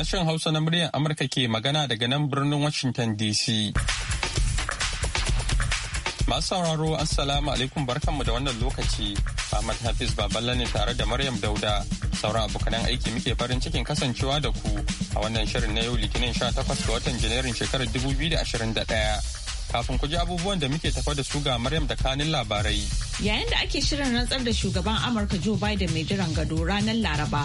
Sashen Hausa na muryar Amurka ke magana daga nan birnin Washington DC. Masu sauraro Assalamu alaikum barkanmu da wannan lokaci. Ahmad Hafiz Baballa ne tare da Maryam Dauda. Sauran abokanan aiki muke farin cikin kasancewa da ku a wannan shirin na yau Litinin 18 ga watan Janairun shekarar 2021. kafin ku ji abubuwan da muke tafa da su ga Maryam da kanin labarai. Yayin da ake shirin rantsar da shugaban Amurka Joe Biden mai jiran gado ranar Laraba,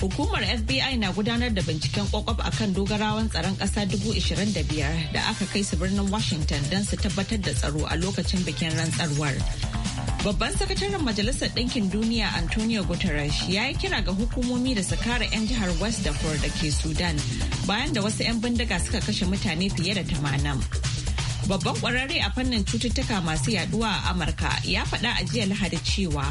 Hukumar FBI na gudanar da binciken kwakwaf a kan dogarawan tsaron ƙasa 25,000 da aka kai su birnin Washington don su tabbatar da tsaro a lokacin bikin rantsarwar. Babban sakataren Majalisar Ɗinkin Duniya Antonio Guterres ya yi kira ga hukumomi da su kare 'yan jihar West Darfur da ke Sudan bayan da wasu 'yan bindiga suka kashe mutane fiye da tamanin. Babban kwararre a fannin cututtuka masu yaduwa a Amurka ya faɗa a jiya Lahadi cewa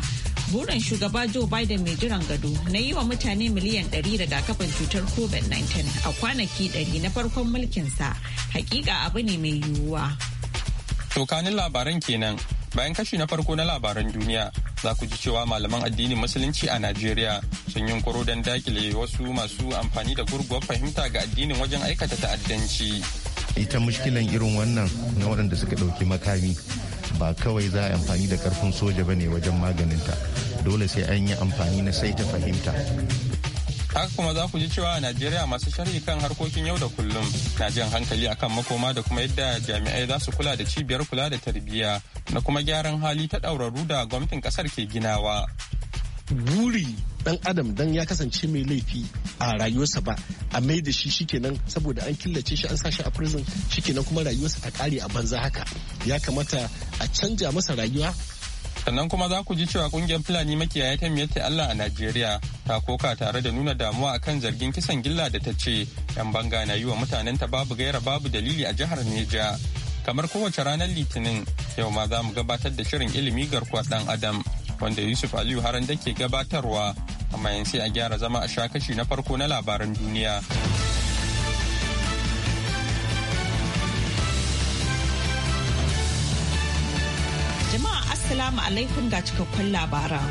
burin shugaba Joe Biden mai jiran gado na yi wa mutane miliyan 100 rigakafin cutar COVID-19 a kwanaki 100 na farkon mulkinsa hakika abu ne mai yiwuwa. Tokanin labaran kenan bayan kashi na farko na labaran duniya za ku ji cewa malaman addinin musulunci a Najeriya sun yi koro don dakile wasu masu amfani da gurguwar fahimta ga addinin wajen aikata ta'addanci. Ita mushkilan irin wannan na waɗanda suka ɗauki makami ba kawai za a amfani da karfin soja ba ne wajen maganinta dole sai an yi amfani na sai ta fahimta haka kuma za ku ji cewa a najeriya masu sharhi kan harkokin yau da kullum na jan hankali akan makoma da kuma yadda jami'ai za su kula da cibiyar kula da tarbiyya na kuma gyaran hali ta ɗauraru da gwamnatin ƙasar ke ginawa Wuri. dan adam dan ya kasance mai laifi a rayuwarsa ba a mai da shi shikenan saboda an killace shi an sa shi a prison shikenan kuma rayuwarsa ta kare a banza haka ya kamata a canja masa rayuwa sannan kuma za ku ji cewa kungiyar fulani makiyaya ta miyatta allah a najeriya ta koka tare da nuna damuwa akan zargin kisan gilla da ta ce yan banga na yi wa mutanen ta babu gaira babu dalili a jihar neja kamar kowace ranar litinin yau ma za mu gabatar da shirin ilimi garkuwa dan adam wanda yusuf aliyu haran da ke gabatarwa amma yanzu sai a gyara zama a sha na farko na labaran duniya. Jama'a Assalamu alaikum ga cikakkun labaran.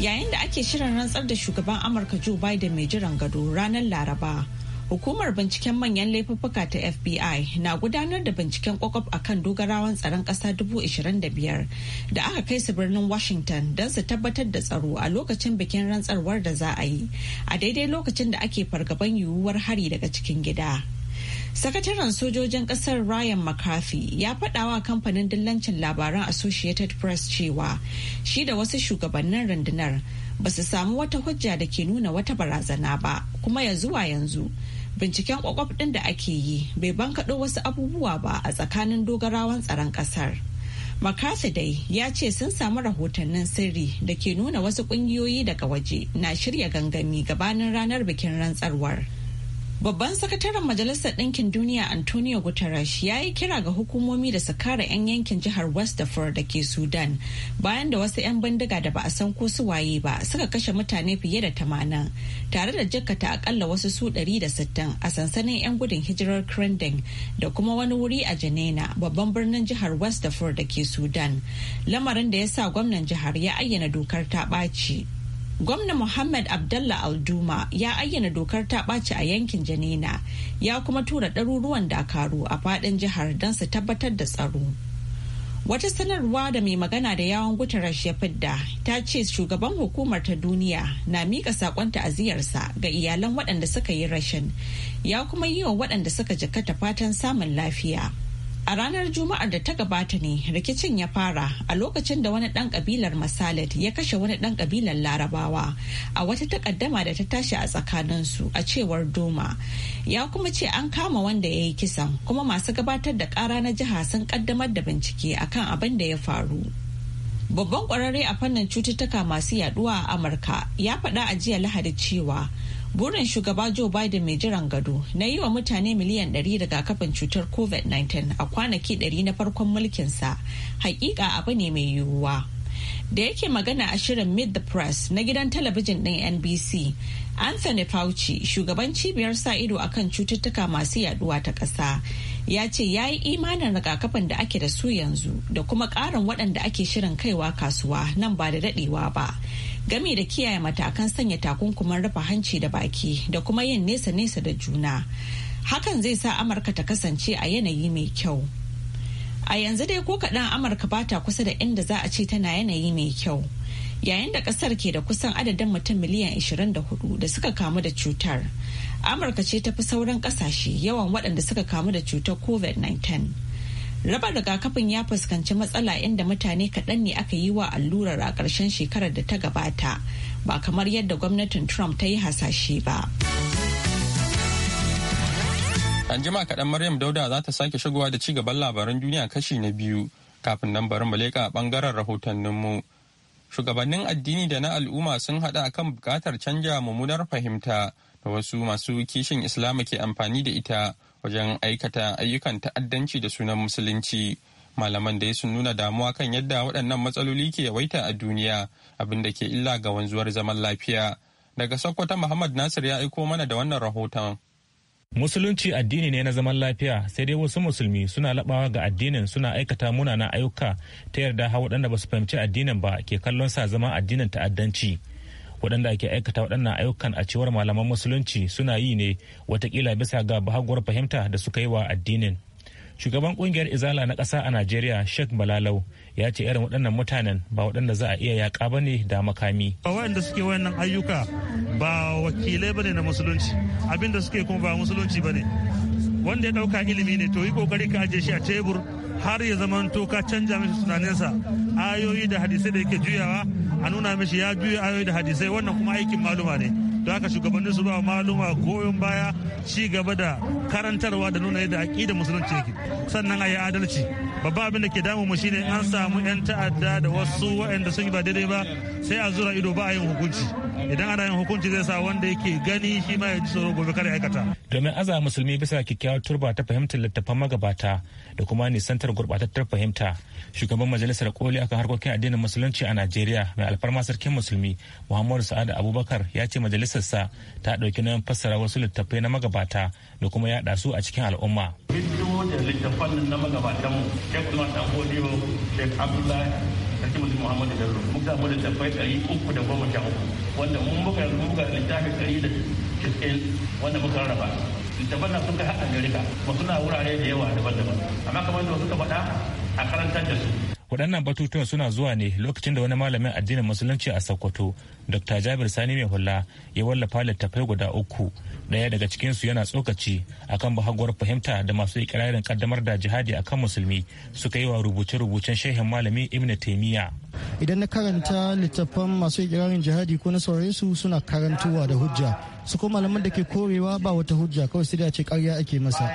Yayin da ake shirin rantsar da shugaban Amurka Joe Biden mai jiran gado ranar Laraba. Hukumar binciken manyan laifuffuka ta FBI na gudanar da binciken kwakwaf a kan dogarawan tsaron ƙasa 25,000 da aka kai su birnin Washington don su tabbatar da tsaro a lokacin bikin rantsarwar da za a yi, a daidai lokacin da ake fargaban yiwuwar hari daga cikin gida. Sakataren sojojin ƙasar Ryan McCarthy ya faɗawa kamfanin dillancin labaran Associated Press cewa shi da wasu shugabannin rundunar ba su samu wata hujja da ke nuna wata barazana ba kuma ya zuwa yanzu binciken kwakwaf ɗin da ake yi bai bankaɗo wasu abubuwa ba a tsakanin dogarawan tsaron ƙasar. makasa dai ya ce sun samu rahotannin sirri da ke nuna wasu ƙungiyoyi daga waje na shirya gangami gabanin ranar bikin rantsarwar. Babban sakataren Majalisar Ɗinkin Duniya Antonio Guterres ya yi kira ga hukumomi da su kare 'yan yankin jihar West Darfur da ke Sudan bayan da wasu 'yan bindiga da ba a san ko su waye ba suka kashe mutane fiye da tamanin tare da jakkata akalla wasu su ɗari da sittin a sansanin 'yan gudun hijirar Krending da kuma wani wuri a Janena babban birnin jihar West Darfur da ke Sudan lamarin da ya sa gwamnan jihar ya ayyana dokar ta ɓaci. gwamna muhammad abdullah alduma ya ayyana dokar ta ɓaci a yankin janina ya kuma tura ɗaruruwan dakaru a faɗin jihar don su tabbatar da tsaro wata sanarwa da mai magana da yawon gutarash ya fidda ta ce shugaban hukumar ta duniya na miƙa saƙon ta'aziyarsa ga iyalan waɗanda suka yi rashin ya kuma yi wa waɗanda suka jikata fatan samun lafiya. A ranar Juma'ar da ta gabata ne rikicin ya fara a lokacin da wani ɗan ƙabilar Masalit ya kashe wani ɗan ƙabilar Larabawa a wata takaddama da ta tashi a tsakaninsu a cewar Doma. Ya kuma ce an kama wanda ya yi kisan kuma masu gabatar da ƙara na jiha sun ƙaddamar da bincike akan abin da ya faru. Babban ƙwararre a fannin cututtuka masu yaduwa a Amurka ya faɗa a jiya Lahadi cewa burin shugaba joe biden mai jiran gado na yi wa mutane miliyan 100 kafin cutar covid-19 a kwanaki 100 na farkon mulkinsa hakika abu ne mai yiwuwa da yake magana a shirin meet the press na gidan talabijin ɗin nbc anthony fauci shugaban cibiyar sa ido a kan cututtuka masu yaduwa ta ƙasa ya ce ya yi imanin rigakafin da ake da su yanzu da kuma ƙarin waɗanda ake shirin kaiwa kasuwa nan ba da daɗewa ba gami da kiyaye matakan sanya takunkumin rufe hanci da baki da kuma yin nesa-nesa da juna hakan zai sa amurka ta kasance a yanayi mai kyau a yanzu dai ko kaɗan amurka ba ta kusa da inda za a ce tana yanayi mai kyau yayin da ƙasar ke da kusan adadin mutum miliyan 24 da suka kamu da cutar amurka ce ta fi sauran ƙasashe yawan waɗanda suka kamu da cutar covid-19 Raba rigakafin ya fuskanci matsala inda mutane kaɗan ne aka yi wa allurar a ƙarshen shekarar da ta gabata, ba kamar yadda gwamnatin Trump ta yi hasashe ba. anjima kaɗan Maryam Dauda za ta sake shigowa da ci gaban labaran duniya kashi na biyu kafin nan bari mu leƙa ɓangaren rahotanninmu. Shugabannin addini da na al'umma sun haɗa kan buƙatar canja mummunar fahimta da wasu masu kishin Islama ke amfani da ita wajen aikata ayyukan ta'addanci da sunan musulunci malaman da sun nuna damuwa kan yadda waɗannan matsaloli ke yawaita a duniya abin da ke illa ga wanzuwar zaman lafiya daga sokoto muhammad nasir ya aiko mana da wannan rahoton Musulunci addini ne na zaman lafiya sai dai wasu musulmi suna labawa ga addinin suna aikata munana ayyuka ta yarda ha waɗanda ba su fahimci addinin ba ke kallon sa zama addinin ta'addanci. waɗanda ake aikata waɗannan ayyukan a cewar malaman musulunci suna yi ne watakila bisa ga bahaguwar fahimta da suka yi wa addinin shugaban kungiyar izala na ƙasa a najeriya sheikh balalau ya ce irin waɗannan mutanen ba waɗanda za a iya yaƙa ba ne da makami ba waɗanda suke wayannan ayyuka ba wakilai ba ne na musulunci abinda suke kuma ba musulunci ba ne wanda ya ɗauka ilimi ne to yi ƙoƙari ka ajiye shi a tebur har ya zamanto ka canja mishi tunaninsa ayoyi da hadisai da yake juyawa a nuna mishi ya juya ayoyi da hadisai wannan kuma aikin maluma ne don haka shugabannin su ba maluma goyon baya ci gaba da karantarwa da nuna yadda aƙidar musulunci yake sannan a yi adalci babba abin da ke damu mu shine an samu 'yan ta'adda da wasu waɗanda sun yi ba daidai ba sai a zura ido ba a yin hukunci idan ana yin hukunci zai sa wanda yake gani shi ma ya ji tsoro gobe kada aikata domin aza musulmi bisa kyakkyawar turba ta fahimtar littattafan magabata da kuma nisantar gurbatattar fahimta shugaban majalisar koli akan harkokin addinin musulunci a najeriya mai alfarma sarkin musulmi muhammadu sa'ad abubakar ya ce majalisarsa ta ɗauki nauyin fassara wasu littattafai na magabata da kuma yaɗa su a cikin al'umma. Hiddo da littafan na magabatanmu, Sheikh Umar Tambodiyo, Sheikh Abdullahi, sarki musulmi muhammadu da ruru muka samu littattafai ɗari uku da goma sha uku wanda mun muka yanzu muka littafi ɗari da cikin wanda muka rarraba littattafan na sun kai har amerika kuma suna wurare da yawa daban-daban amma kamar da suka faɗa a karanta da su waɗannan batutuwan suna zuwa ne lokacin da wani malamin addinin musulunci a sokoto dr jabir sani mai hula ya wallafa littattafai guda uku ɗaya daga cikinsu yana tsokaci akan bahaguwar fahimta da masu ikirarin kaddamar da jihadi akan musulmi suka yi wa rubuce-rubucen shehin malami ibn taimiyya idan na karanta littattafan masu ikirarin jihadi ko na saurare su suna karantuwa da hujja su ko malaman da ke korewa ba wata hujja kawai sai da ce karya ake masa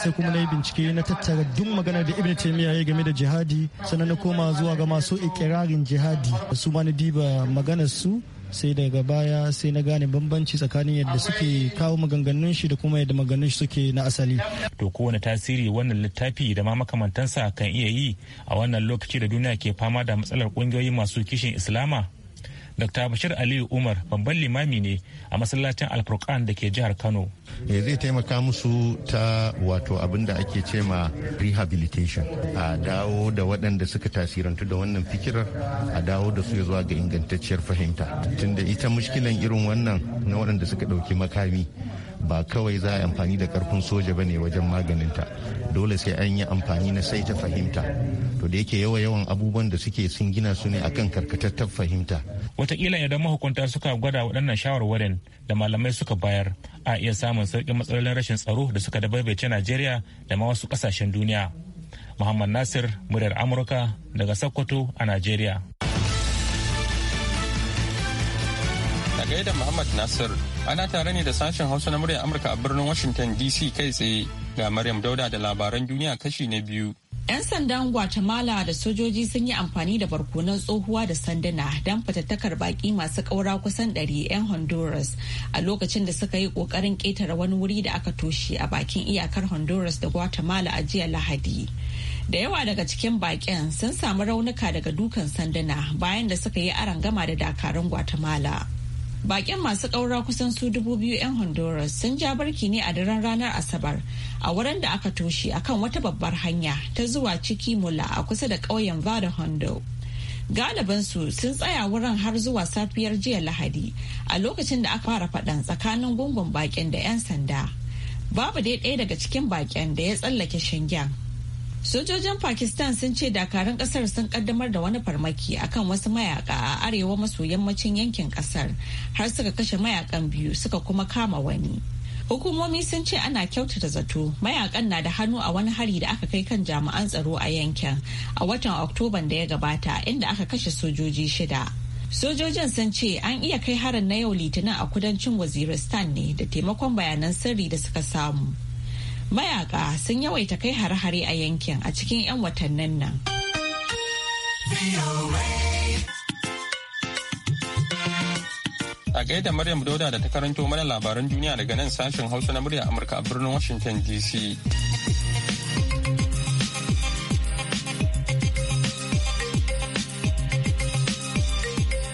sai kuma na yi bincike na tattara duk magana da ibn taymiya ya game da jihadi sannan na koma zuwa ga masu ikirarin jihadi su ma na diba maganar su sai daga baya sai na gane bambanci tsakanin yadda suke kawo maganganun shi da kuma yadda maganganun shi suke na asali. To kowane tasiri wannan littafi da ma makamantansa kan iya yi a wannan lokaci da duniya ke fama da matsalar kungiyoyi masu kishin Islama? Dr. Bashir Aliyu Umar babban limami ne a masallacin Alfurkan da ke jihar Kano. Zai taimaka musu ta wato abin da ake cema ma rehabilitation a dawo da waɗanda suka tasirantu da wannan fikirar a dawo da su zuwa ga ingantacciyar fahimta. Tunda ita mushkilan irin wannan na waɗanda suka ɗauki makami ba kawai za a yi amfani da karfin soja ba ne wajen maganinta dole sai an yi amfani na sai ta fahimta to da yake yawa yawan abubuwan da suke sun gina su ne akan karkatattar fahimta watakila idan mahukunta suka gwada waɗannan shawarwarin da malamai suka bayar a iya samun sauƙin matsalolin rashin tsaro da suka dabaibace najeriya da ma wasu ƙasashen duniya muhammad nasir muryar amurka daga sokoto a najeriya gaida Muhammad Nasir ana tare ne da sashen Hausa na muryar Amurka a birnin Washington DC kai tsaye ga Maryam Dauda da labaran duniya kashi na biyu. 'Yan sandan Guatemala da sojoji sun yi amfani da barkonan tsohuwa da sanduna don fatattakar baki masu ƙaura kusan 100 'yan Honduras a lokacin da suka yi ƙoƙarin ƙetare wani wuri da aka toshe a bakin iyakar Honduras da Guatemala a jiya Lahadi. da yawa daga cikin baƙin sun samu raunuka daga dukan sanduna bayan da suka yi arangama da dakarun guatemala Bakin masu ƙaura kusan su dubu biyu 'yan Honduras sun ja barki ne a daren ranar Asabar a wurin da aka toshe akan wata babbar hanya ta zuwa ciki mula a kusa da ƙauyen Vada Hondo. Galibinsu sun tsaya wurin har zuwa safiyar jiya Lahadi a lokacin da aka fara faɗan tsakanin gungun bakin da 'yan sanda. Babu dai ɗaya daga cikin bakin da ya tsallake shingen Sojojin Pakistan sun ce dakarun kasar sun kaddamar da wani farmaki akan wasu mayaka a arewa maso yammacin yankin kasar har suka kashe mayakan biyu suka kuma kama wani. Hukumomi sun ce ana kyautata zato mayakan na da hannu a wani hari da aka kai kan jami'an tsaro a yankin a watan Oktoban da ya gabata inda aka kashe sojoji shida. Sojojin sun ce an iya kai harin na yau litinin a kudancin Waziristan ne da taimakon bayanan sirri da suka samu. mayaka sun yawaita kai hare-hare a yankin a cikin 'yan watannin nan. A gaida Maryam Dauda da ta karanto mana labaran duniya daga nan sashen Hausa na murya Amurka a birnin Washington DC.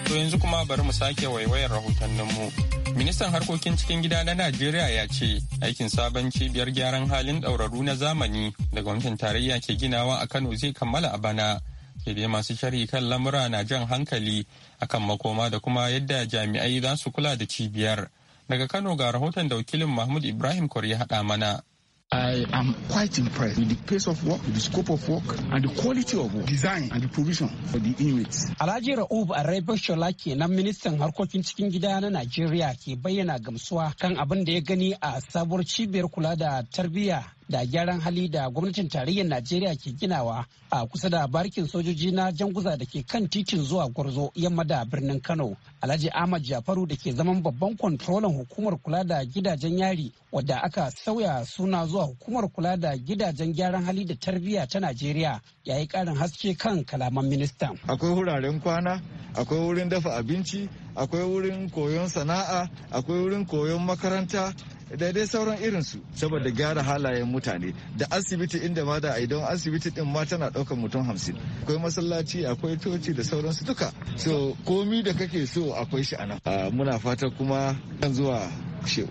To yanzu kuma bari mu sake waiwayar rahotanninmu. mu. Ministan harkokin cikin gida na Najeriya ya ce aikin sabon cibiyar gyaran halin ɗauraru na zamani da gwamnatin tarayya ke ginawa a Kano zai kammala a bana. Sai dai masu sharhi kan lamura na jan hankali akan makoma da kuma yadda jami'ai za su kula da cibiyar. Daga Kano ga rahoton da wakilin Mahmud Ibrahim Kori ya haɗa mana. I am quite impressed with the pace of work, the scope of work, and the quality of work, design and the provision for the inmates. Alhaji Ra'ub Araiba Shola kenan ministan harkokin cikin gida na Najeriya ke bayyana gamsuwa kan abin da ya gani a sabuwar cibiyar kula da tarbiyya da gyaran hali da gwamnatin tarayyar najeriya ke ginawa a kusa da barkin sojoji na janguza da ke kan titin zuwa gwarzo yamma da birnin kano alhaji ahmad jafaru da ke zaman babban kwantrolan hukumar kula da gidajen yari wadda aka sauya suna zuwa hukumar kula da gidajen gyaran hali da tarbiyya ta najeriya ya yi karin haske kan kalaman ministan akwai wuraren kwana akwai wurin dafa abinci akwai wurin koyon sana'a akwai wurin koyon makaranta da dai sauran su saboda gyara halayen mutane da asibiti inda ma da idan asibiti din ma tana ɗaukar mutum hamsin akwai masallaci akwai coci da sauransu duka so komi da kake so akwai shi anan ah, muna fata kuma kan zuwa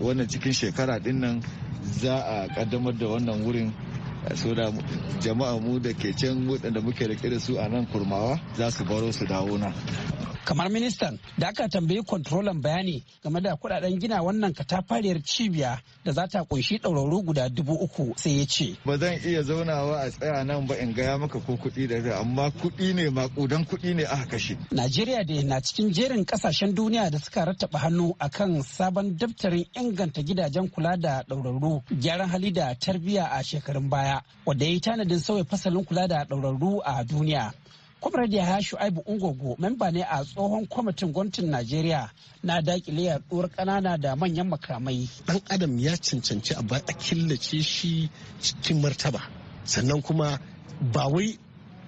wannan cikin shekara din nan za a kaddamar da wannan wurin so da jama'a mu da ke can waɗanda muke da su a nan kurmawa za su baro su dawo na kamar ministan da aka tambayi kwantrolan bayani game da kudaden gina wannan katafariyar cibiya da za ta kunshi ɗauraru guda dubu uku sai ya ce ba zan iya zaunawa a tsaya nan ba in gaya maka ko kuɗi da amma kuɗi ne makudan kuɗi ne aka kashe najeriya da na cikin jerin kasashen duniya da suka rattaba hannu akan sabon daftarin inganta gidajen kula da ɗaurarru gyaran hali da tarbiyya a shekarun baya wadda ya yi tanadin sauya fasalin kula da ɗaurarru a duniya kwamrar da ya shu'aibu ungogo memba ne a tsohon kwamitin gwamnatin najeriya na dakile yaduwar kanana da manyan makamai dan adam ya cancanci a ba a killace shi cikin martaba sannan kuma ba wai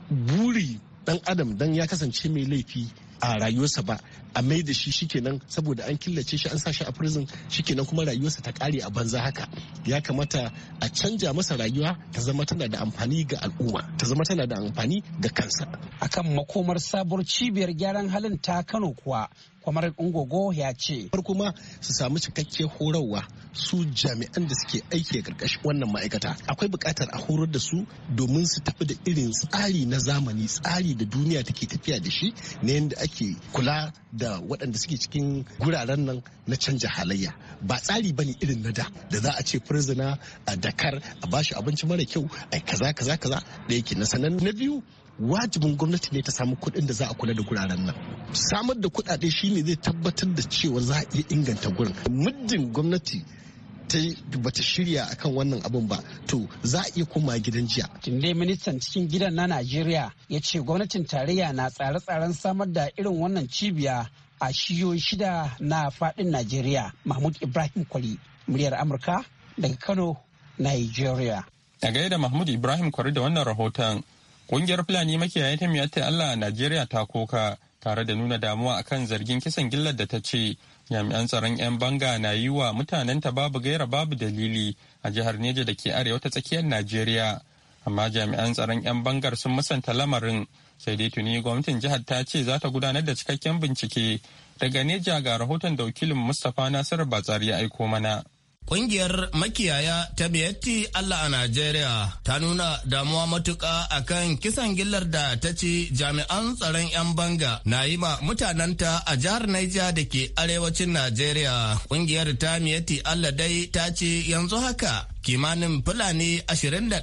buri dan adam dan ya kasance mai laifi a rayuwarsa ba a mai da shi shikenan saboda an killace shi an sa shi a prison shikenan kuma rayuwarsa ta kare a banza haka ya kamata a canja masa rayuwa ta zama tana da amfani ga al'umma ta zama tana da amfani ga kansa akan makomar sabuwar cibiyar gyaran halin ta Kano kuwa kwamar ungogo ya ce farko ma su samu cikakke horarwa su jami'an da suke aiki a ƙarƙashin wannan ma'aikata akwai buƙatar a horar da su domin su tafi da irin tsari na zamani tsari da duniya take tafiya da shi na yadda ake kula da waɗanda suke cikin guraren nan na canja halayya ba tsari bane irin na da da za a ce firzina a dakar a bashi abinci mara kyau a kaza kaza kaza da yake na sanan na biyu wajibin gwamnati ne ta samu kuɗin da za a kula da guraren nan samar da kuɗaɗe shine zai tabbatar da cewa za a iya inganta gurin muddin gwamnati ba ta shirya akan wannan abun ba to za a iya koma gidan jiya. Tunde ministan cikin gidan na Najeriya ya ce gwamnatin tarayya na tsare-tsaren samar da irin wannan cibiya a shiyoyi shida na fadin Najeriya Mahmud Ibrahim Kwari muryar Amurka daga Kano, Nigeria. A gaida Mahmud Ibrahim Kwari da wannan rahoton kungiyar Fulani makiyaya ta miyatta Allah a Najeriya ta koka tare da nuna damuwa akan zargin kisan gillar da ta ce jami'an tsaron 'yan banga na yi wa mutanen ta babu gaira babu dalili a jihar neja da ke arewa ta tsakiyar najeriya amma jami'an tsaron 'yan bangar sun musanta lamarin sai dai tuni gwamnatin jihar ta ce za ta gudanar da cikakken bincike daga neja ga rahoton da wakilin mustapha nasiru batsari ya aiko mana Ƙungiyar makiyaya ta Miyatti Allah a Najeriya ta nuna damuwa matuƙa a kan kisan gillar da ta ce jami'an tsaron 'yan banga na yi ma mutanenta a jihar Naija da ke arewacin Najeriya. Ƙungiyar ta Miyatti Allah dai ta ce yanzu haka kimanin fulani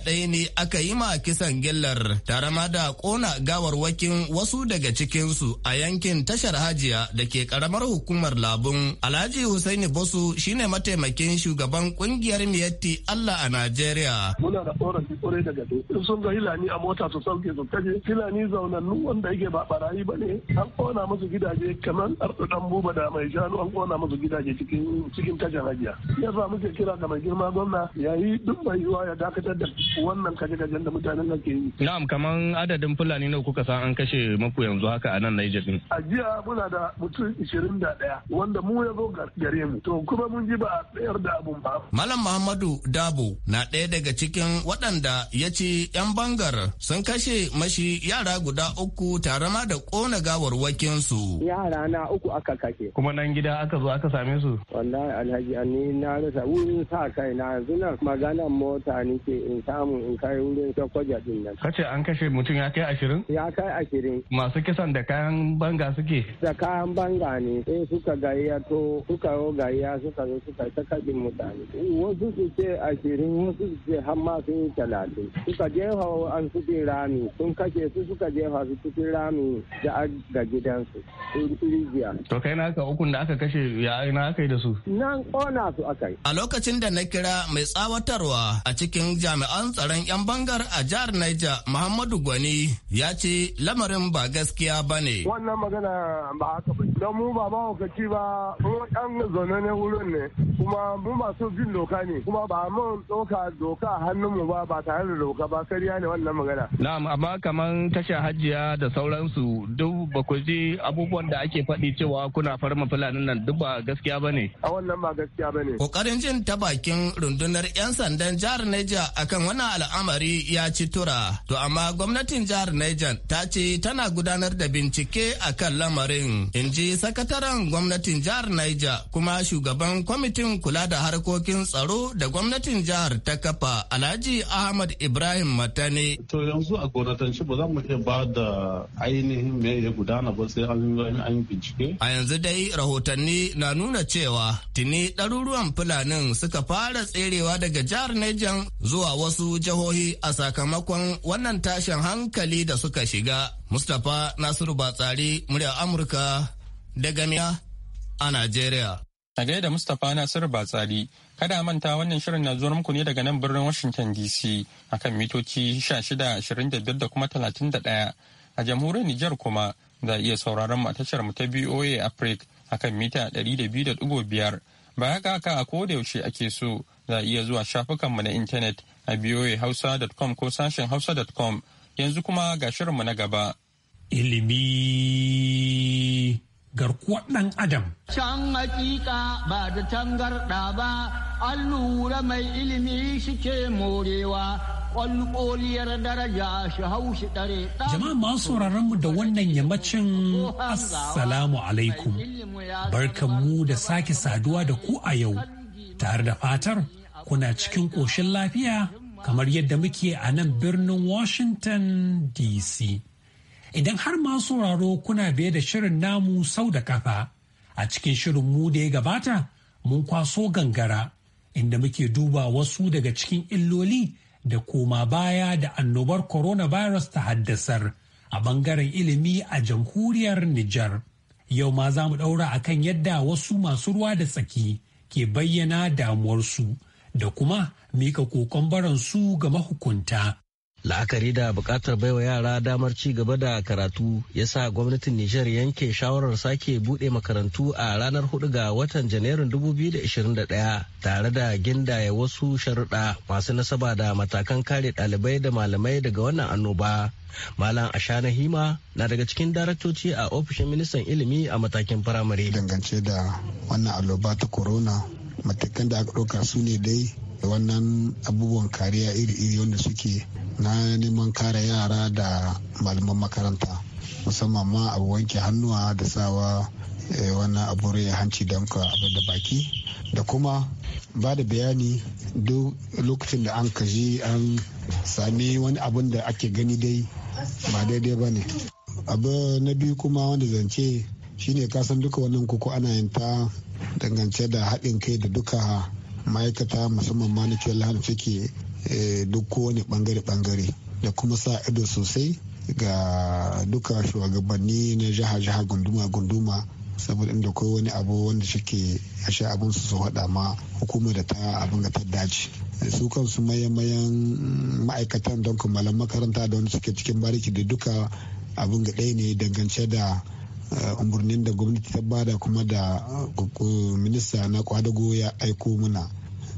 ɗaya ne aka yi ma kisan gillar tare ma da kona gawarwakin wasu daga cikinsu a yankin tashar hajiya da ke karamar hukumar labun alhaji husaini bosu shine mataimakin shugaban kungiyar miyatti allah a najeriya muna da korafi kwarai daga in sun ga hilani a mota su sauke su kaje hilani zaunannu wanda yake ba barayi ba ne an kona musu gidaje kamar ɗarɗuɗan buba da mai shanu an kona musu gidaje cikin cikin tashar hajiya yasa muke kira ga mai girma gwamna ya yi duk mai yiwa ya dakatar da wannan kaje-kajen da mutanen nan ke yi. Na'am kaman adadin Fulani ne kuka san an kashe mako yanzu haka a nan Niger din. A jiya muna da mutum 21 wanda mu ya zo gare mu. To kuma mun ji ba a tsayar da abun ba. Malam Muhammadu Dabo na ɗaya daga cikin waɗanda ya ce 'yan bangar sun kashe mashi yara guda uku tare ma da ƙona su. Yara na uku aka kashe. Kuma nan gida aka zo aka same su. Wallahi Alhaji ni na rasa wurin sa kai na yanzu nan maganan mota ke in samu in kai wurin sakwaja din nan kace an kashe mutum ya kai ashirin ya kai ashirin masu kisan da kayan banga suke da kayan banga ne sai suka gayyato suka yo gayya suka zo suka ta kabin mutane wasu su ce ashirin wasu su ce har ma sun yi talatin suka jefa an cikin rami sun kashe su suka jefa su cikin rami da ga gidansu rijiya to kai na ka ukun da aka kashe ya na aka yi da su nan kona su aka yi a lokacin da na kira mai tsawon tsawatarwa a cikin jami'an tsaron 'yan bangar a jihar Niger Muhammadu Gwani ya ce lamarin ba gaskiya ba ne. Wannan magana ba haka ba. Don mu ba ba mahaukaci ba mu ɗan zaune ne wurin ne kuma mu masu bin doka ne kuma ba mu ɗauka doka hannunmu ba ba tare da doka ba kariya ne wannan magana. Na'am amma kaman tasha hajiya da sauransu duk ba ku ji abubuwan da ake faɗi cewa kuna farma fulanin nan duk ba gaskiya ba ne. A wannan ba gaskiya ba ne. Ƙoƙarin jin ta bakin rundunar 'yan sandan jihar Niger akan wannan al'amari ya ci tura. To amma gwamnatin jihar Niger ta ce tana gudanar da bincike akan lamarin. In ji sakataren gwamnatin jihar Niger kuma shugaban kwamitin kula da harkokin tsaro da gwamnatin jihar ta kafa Alhaji Ahmad Ibrahim Matane. To yanzu a shi ba za mu iya ba da ainihin me ya gudana ba sai an yi bincike. A yanzu dai rahotanni na nuna cewa tuni ɗaruruwan Fulanin suka fara tserewa da daga jihar Niger zuwa wasu jihohi a sakamakon wannan tashin hankali da suka shiga. Mustapha Nasiru Batsari murya Amurka daga Miya a Najeriya. A gaida Mustapha Nasiru Batsari, kada manta wannan shirin na zuwa muku ne daga nan birnin Washington DC akan mitoci 16, da kuma 31. A jamhuriyar Nijar kuma za a iya sauraron matashar tashar mu ta BOA Africa akan mita 200.5 baya ga haka a koda yaushe ake so za a iya zuwa shafukanmu na intanet a hausa.com ko sashen hausa.com yanzu kuma ga shirinmu na gaba. Ilimi garkuwa ɗan Adam. Can hakika ba da tangarɗa ba, an lura mai ilimi shi ke morewa. daraja Jama'a masu mu da wannan yammacin Assalamu alaikum. Barkanmu da sake saduwa da ku a yau tare da fatar kuna cikin ƙoshin lafiya kamar yadda muke a nan birnin Washington DC. Idan har masu sauraro kuna biye da shirin namu sau da kafa a cikin shirin mu da ya gabata mun kwaso gangara inda muke duba wasu daga cikin illoli da koma baya da annobar coronavirus ta haddasar a bangaren ilimi a jamhuriyar Nijar. Yau ma za mu ɗaura a kan yadda wasu masu ruwa da tsaki ke bayyana damuwarsu da kuma mika kokon baransu ga mahukunta la'akari da bukatar baiwa yara damar ci gaba da karatu ya sa gwamnatin nijar yanke shawarar sake buɗe makarantu a ranar 4 ga watan janairun 2021 tare da gindaya wasu sharuɗa masu nasaba da matakan kare ɗalibai da malamai daga wannan annoba malam ashana hima na daga cikin daraktoci a ofishin ministan ilimi a matakin firamare dangance da wannan alloba ta corona matakan da aka dauka su ne dai wannan abubuwan kariya iri-iri wanda suke na neman kare yara da malaman makaranta musamman ma abu wanke hannuwa da sawa eh, wannan abu ya hanci don ka abu da baki da kuma ba da bayani duk lokacin da an kaji an sami wani abun da ake gani dai ba daidai ba ne abu na biyu kuma wanda zance shine kasan duka wannan kuku ana yin ta dangance da haɗin kai da duka ma'aikata musamman ma na kiwon lahan suke eh, duk kowane bangare-bangare da kuma sa ido sosai ga duka shugabanni na jiha-jiha gunduma-gunduma saboda inda kai wani abu wanda suke ashe abin su su hada ma hukumar da ta abin da ta dace su kansu mayan ma'aikatan don kummalan makaranta da wanda suke cikin bariki da duka abin ga ɗaya ne dangance da Eh, umarnin da gwamnati ta bada kuma da eh, minista na kwadago ya aiko muna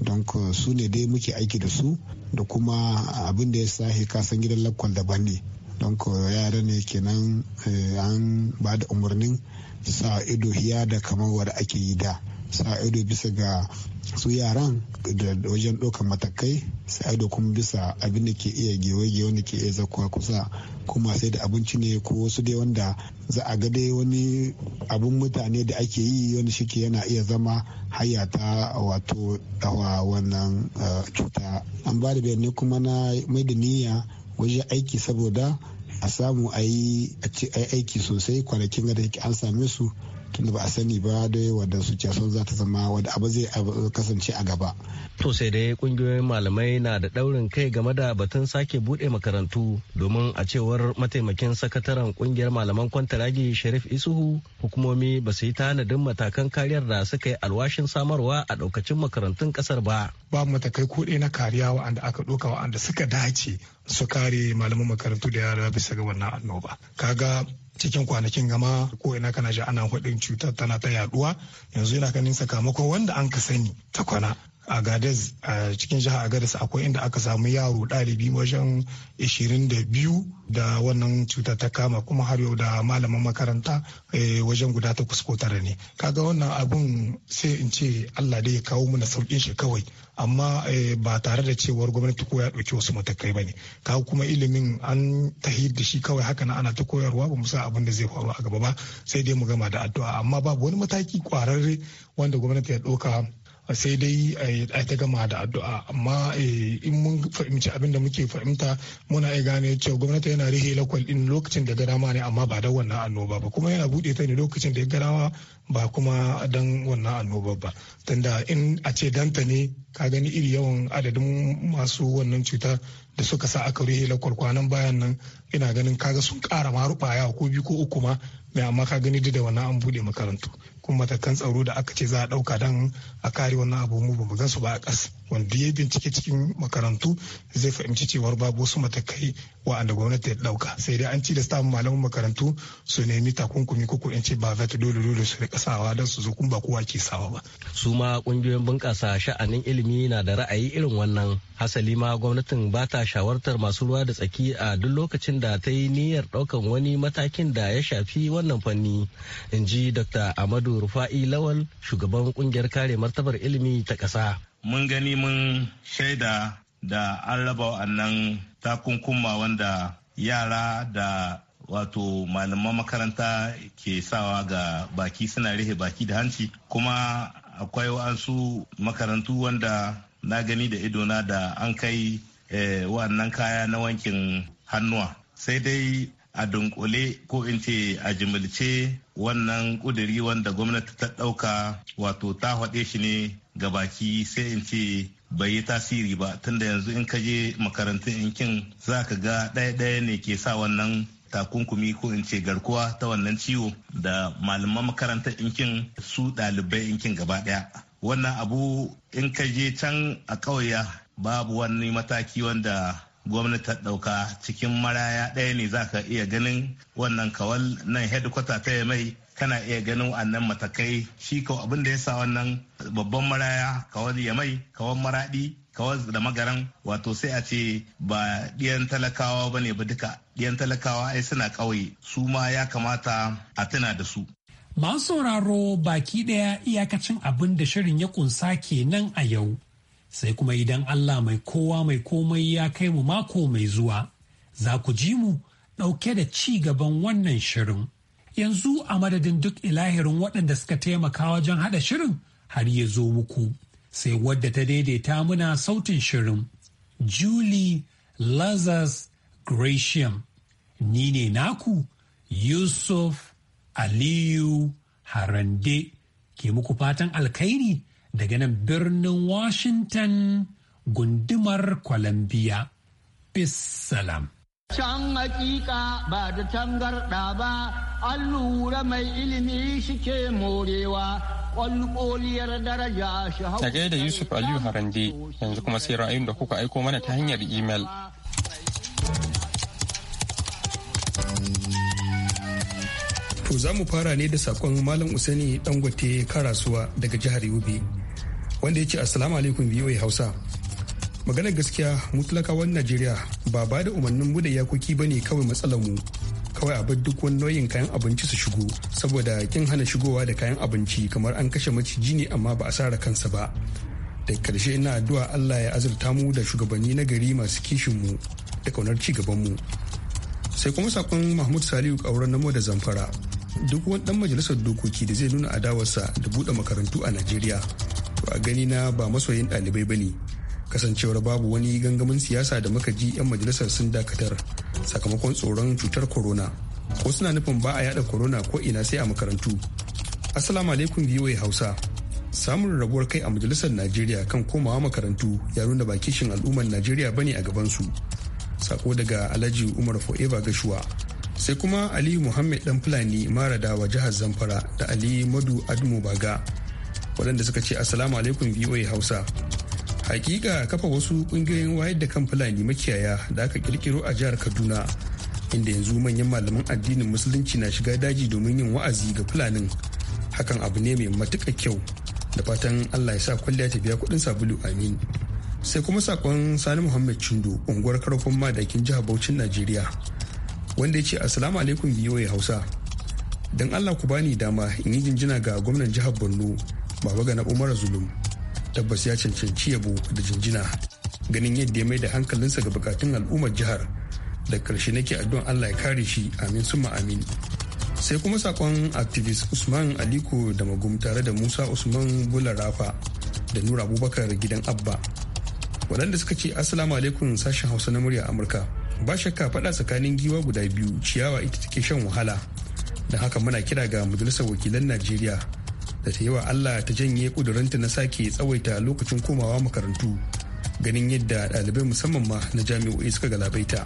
don su ne dai muke aiki da su da kuma abin da ya sahi kasan gidan lakwal daban ne don yara ne kenan eh, an bada da umarnin sa ido hiya da kamar wadda ake yi da sa ido bisa ga su yaran da wajen ɗaukar matakai sa ido kuma bisa abin da ke iya gewe-gewe wanda ke iya zakuwa kusa kuma sai da abinci ne ko wasu dai wanda za a ga dai wani abin mutane da ake yi wani shike yana iya zama hayata wato dawa wannan eh, cuta an ba da bayanai kuma na mai da niyya wajen aiki saboda a samu a yi aiki sosai kwanakin da an same su tunda ba a sani ba da wadda su sun za zama wadda abu zai kasance a gaba. To sai dai kungiyoyin malamai na da daurin kai game da batun sake bude makarantu domin a cewar mataimakin sakataren kungiyar malaman kwantaragi Sharif Isuhu hukumomi ba su yi tanadin matakan kariyar da suka yi alwashin samarwa a daukacin makarantun kasar ba. Ba matakai ko na kariya wa'anda aka ɗauka wa'anda suka dace su kare malaman makarantu da yara bisa ga wannan annoba. Kaga cikin kwanakin gama ko ina kana ji ana hudin cutar tana ta yaduwa yanzu yana kanin sakamakon wanda an ka sani ta kwana a gadas a cikin jihar agadas akwai inda aka samu yaro ɗalibi wajen 22 da wannan cuta ta kama kuma har yau da malaman makaranta eh, wajen guda ta kusko ne kaga wannan abun sai in ce allah dai ya kawo mu mana saukin shi kawai amma eh, ba tare da cewar gwamnati ko ya ɗauki wasu matakai ba ne kawo kuma ilimin an tahir da shi kawai haka na ana ta koyarwa ba mu abin da zai faru a gaba ba sai dai mu gama da addu'a amma babu wani mataki kwararre wanda gwamnati ya ɗauka sai dai eh, a ta gama da addu'a amma eh, in mun fahimci abin da muke fahimta muna iya gane cewa gwamnati yana rihe lakwal din lokacin da garama ne amma ba da wannan annoba ba kuma yana bude ta ne lokacin da ya garawa ba kuma dan wannan annoba ba tunda in a ce danta ne ka gani iri yawan adadin masu wannan cuta da suka sa aka rihe lakwal kwanan bayan nan ina ganin kaga sun kara ma rubaya ko biyu ko uku ma mai amma ka gani duk da wannan an bude makarantu kuma matakan tsaro da aka ce za a dauka dan a kare wannan abu mu ba su ba a kas wanda ya bincike cikin makarantu zai fahimci cewar babu wasu matakai wa'anda gwamnati ta dauka sai dai an ci da samun malaman makarantu su nemi takunkumi ko ko in ce ba vet dole dole su rika sawa dan su zo kun ba kowa ke sawa ba. su ma ƙungiyoyin bunkasa sha'anin ilimi na da ra'ayi irin wannan hasali ma gwamnatin ba ta shawartar masu ruwa da tsaki a duk lokacin da ta yi niyyar ɗaukan wani matakin da ya shafi wannan wannan fanni in ji dr amadu rufa'i lawal shugaban kungiyar kare martabar ilimi ta ƙasa. mun gani mun shaida da an raba wa'annan takunkuma wanda yara da wato malaman makaranta ke sawa ga baki suna rihe baki da hanci kuma akwai wasu makarantu wanda na gani da idona da an kai eh, wa'annan kaya na wankin hannuwa sai dai a dunkule ko in ce a jimilce wannan kuduri wanda gwamnati ta ɗauka wato ta haɗe shi ne ga baki sai in ce bai yi tasiri ba tunda yanzu in ka je makarantun yankin za ka ga ɗaya-ɗaya ne ke sa wannan takunkumi ko in ce garkuwa ta wannan ciwo da malaman makarantar yankin su ɗalibai yankin gaba ɗaya wannan abu in ka je can a ƙauya babu wani mataki wanda gwamnati ta ɗauka cikin maraya ɗaya ne za ka iya ganin wannan kawal nan headquarter ta mai kana iya ganin wannan matakai shi ko abin da ya sa wannan babban maraya kawal yamai kawal maraɗi kawal da magaran wato sai a ce ba ɗiyan talakawa ba ne ba duka ɗiyan talakawa ai suna ƙauye su ma ya kamata a tuna da su Masu sauraro baki ɗaya iyakacin abin da shirin ya kunsa kenan a yau sai kuma idan Allah mai kowa mai komai ya kai mu mako mai zuwa, za ku ji mu ɗauke da ci gaban wannan shirin. Yanzu a madadin duk ilahirin waɗanda suka taimaka wajen haɗa shirin har ya zo muku, sai wadda ta daidaita muna sautin shirin. Julie Lazarus Gratiam, ni ne naku Yusuf Aliyu Harande, ke muku fatan alkhairi. daga nan birnin Washington gundumar Columbia. Bis Can hakika ba da tangarɗa ba, an lura mai ilimi shike morewa, ƙwalƙoliyar daraja shi hau. da Yusuf Aliyu Harande yanzu kuma sai ra'ayin da kuka aiko mana ta hanyar imel. To za mu fara ne da sakon Malam Usaini Dangote Karasuwa daga jihar Yobe wanda ya ce Assalamu alaikum VOA Hausa. Maganar gaskiya mu talakawan Najeriya ba ba da umarnin mu da ba ne kawai matsalar mu. Kawai a bar duk wani nau'in kayan abinci su shigo saboda kin hana shigowa da kayan abinci kamar an kashe maciji ne amma ba a sara kansa ba. Da karshe ina addu'a Allah ya azurta mu da shugabanni na gari masu kishin mu da kaunar ci gaban mu. Sai kuma sakon Mahmud Saliu kauran namo da Zamfara duk wani dan majalisar dokoki da zai nuna adawarsa da buɗe makarantu a najeriya to a gani na ba masoyin ɗalibai ba ne kasancewar babu wani gangamin siyasa da muka ji 'yan majalisar sun dakatar sakamakon tsoron cutar corona ko suna nufin ba a yada corona ko ina sai a makarantu assalamu alaikum voa hausa samun rabuwar kai a majalisar najeriya kan komawa makarantu ya nuna ba kishin al'ummar najeriya bane a gabansu sako daga alhaji umar forever gashuwa sai kuma aliyu muhammed dan fulani mara wa jihar zamfara da ali madu admu baga waɗanda suka ce assalamu alaikum voa hausa hakika kafa wasu ƙungiyoyin wayar da kan fulani makiyaya da aka kirkiro a jihar kaduna inda yanzu manyan malaman addinin musulunci na shiga daji domin yin wa'azi ga fulanin hakan abu ne mai matuƙa kyau da fatan allah ya sa kwalliya ta biya kuɗin sabulu amin sai kuma sakon sani muhammad chindo unguwar karfin madakin jihar bauchin najeriya wanda ya ce assalamu alaikum ya hausa don allah ku bani dama in yi jinjina ga gwamnan jihar borno baba ga na umar zulum tabbas ya cancanci yabo da jinjina ganin yadda ya mai da hankalinsa ga bukatun al'ummar jihar da karshe nake addu'an allah ya kare shi amin summa amin sai kuma sakon activist usman aliko da magum tare da musa usman rafa da nura abubakar gidan abba waɗanda suka ce assalamu alaikum sashen hausa na murya amurka ba shakka faɗa tsakanin giwa guda biyu ciyawa ita take shan wahala don haka muna kira ga majalisar wakilan najeriya da ta yawa allah ta janye ƙuduranta na sake tsawaita lokacin komawa makarantu ganin yadda ɗalibai musamman ma na jami'o'i suka galabaita.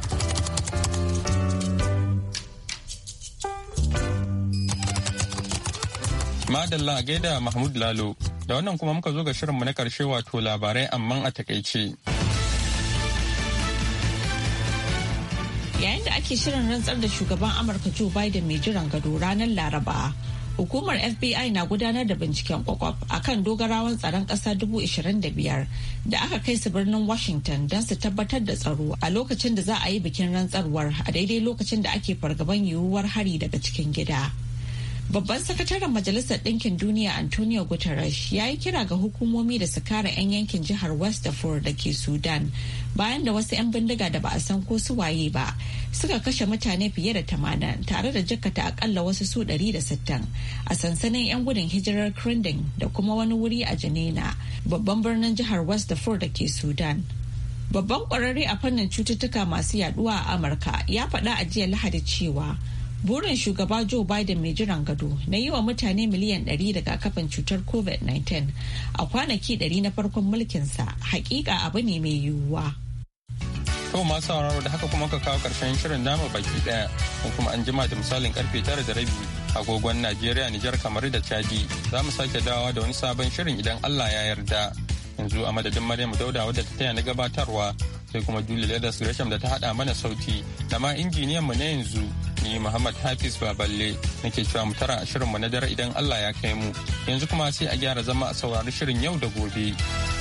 Madalla gaida Mahmud Lalo, da wannan kuma muka zo ga shirinmu na karshe wato labarai amma a takaice. yadda ake shirin rantsar da shugaban amurka joe biden mai jiran gado ranar laraba hukumar fbi na gudanar da binciken kwakwaf a kan dogarawan tsaron kasa 25,000 da aka kai su birnin washington don su tabbatar da tsaro a lokacin da za a yi bikin rantsarwar a daidai lokacin da ake fargaban yiwuwar hari daga cikin gida babban sakataren majalisar ɗinkin duniya antonio guterres ya yi kira ga hukumomi da su kare 'yan yankin jihar west da ke sudan bayan da wasu 'yan bindiga da ba a san ko su waye ba suka kashe mutane fiye da tamanin tare da jakata akalla wasu su 160 a sansanin 'yan gudun hijirar Crandon da kuma wani wuri a Janena babban birnin jihar West Darfur da ke Sudan. Babban kwararre a fannin cututtuka masu yaduwa a Amurka ya faɗa a jiya Lahadi cewa burin shugaba Joe Biden mai jiran gado na yi wa mutane miliyan 100 daga kafin cutar COVID-19 a kwanaki 100 na farkon mulkinsa hakika abu ne mai yiwuwa. To masu sauraro da haka kuma ka kawo karshen shirin namu baki daya kuma an jima da misalin karfe tara da rabi agogon Najeriya Nijar kamar da Chadi za mu sake dawowa da wani sabon shirin idan Allah ya yarda. Yanzu a madadin Maryam Dauda wadda ta taya na gabatarwa sai kuma Julie Leathers Gresham da ta hada mana sauti da ma injiniyan mu na yanzu ni Muhammad Hafiz Baballe nake cewa mu tara a shirin mu na dare idan Allah ya kai mu. Yanzu kuma sai a gyara zama a saurari shirin yau da gobe.